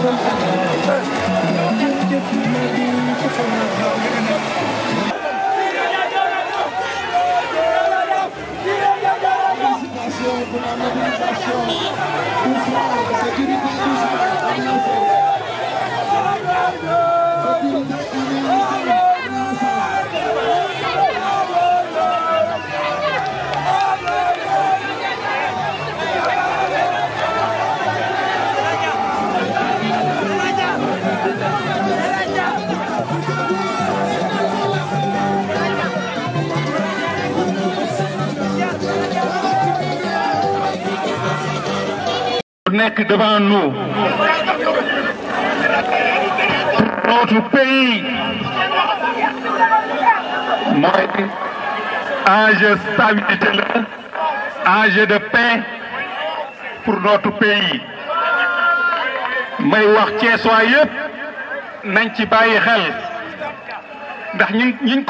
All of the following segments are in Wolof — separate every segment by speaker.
Speaker 1: pour la mobilisation, pour la sécurité devant nous. notre pays Âge âge stabilité de paix pour notre pays Mais wax qui est ndax ñu ñu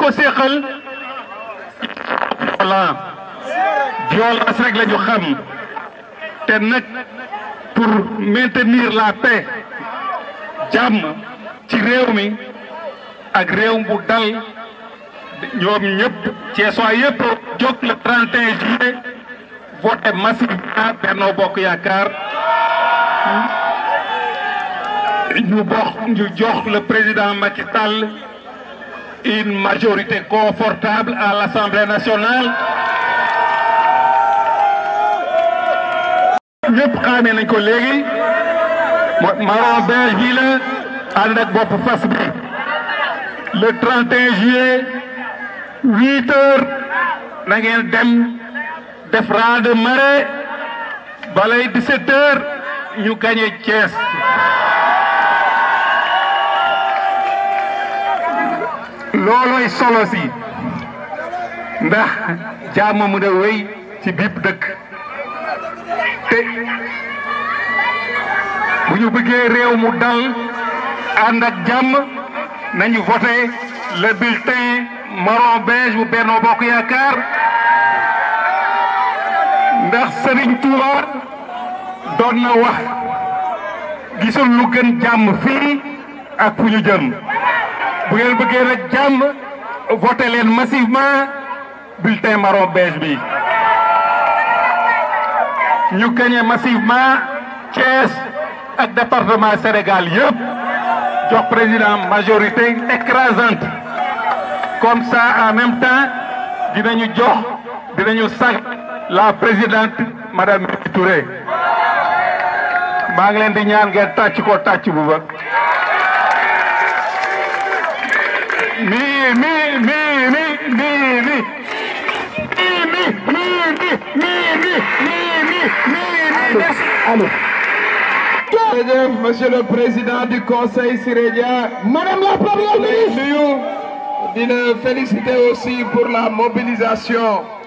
Speaker 1: violence la xam pour maintenir la paix Jam, ci réew ak nous sommes dal ñoom le 31 juillet voté massivement Bernard Bokk Nous avons ñu le président Macky une majorité confortable à l'Assemblée nationale ñëpp xaamee nañ ko léegi marron beige bii la ànd ak bopp fas bi le 31 juillet huit heures ngeen dem def raz de marée balay 17 heures ñu gagné Thiès. loolooy solo si ndax jàmm mu ne wéy ci biib dëkk. te bu ñu bëggee réew mu dal ànd ak jàmm nañu voté le bulletin marron beige bu Benno Bokk Yaakaar ndax Serigne Touba doon na wax gisul lu gën jàmm fii ak fu ñu jëm bu ngeen bëggee nag jàmm voté leen massivement bulletin marron beige bi. Nous gagnons massivement Thiès le département Sénégal président majorité écrasante comme ça en même temps nous jox la présidente madame Touré di ñaan Monsieur le Président du Conseil Syrien. Madame la Première ministre. vous féliciter aussi pour la mobilisation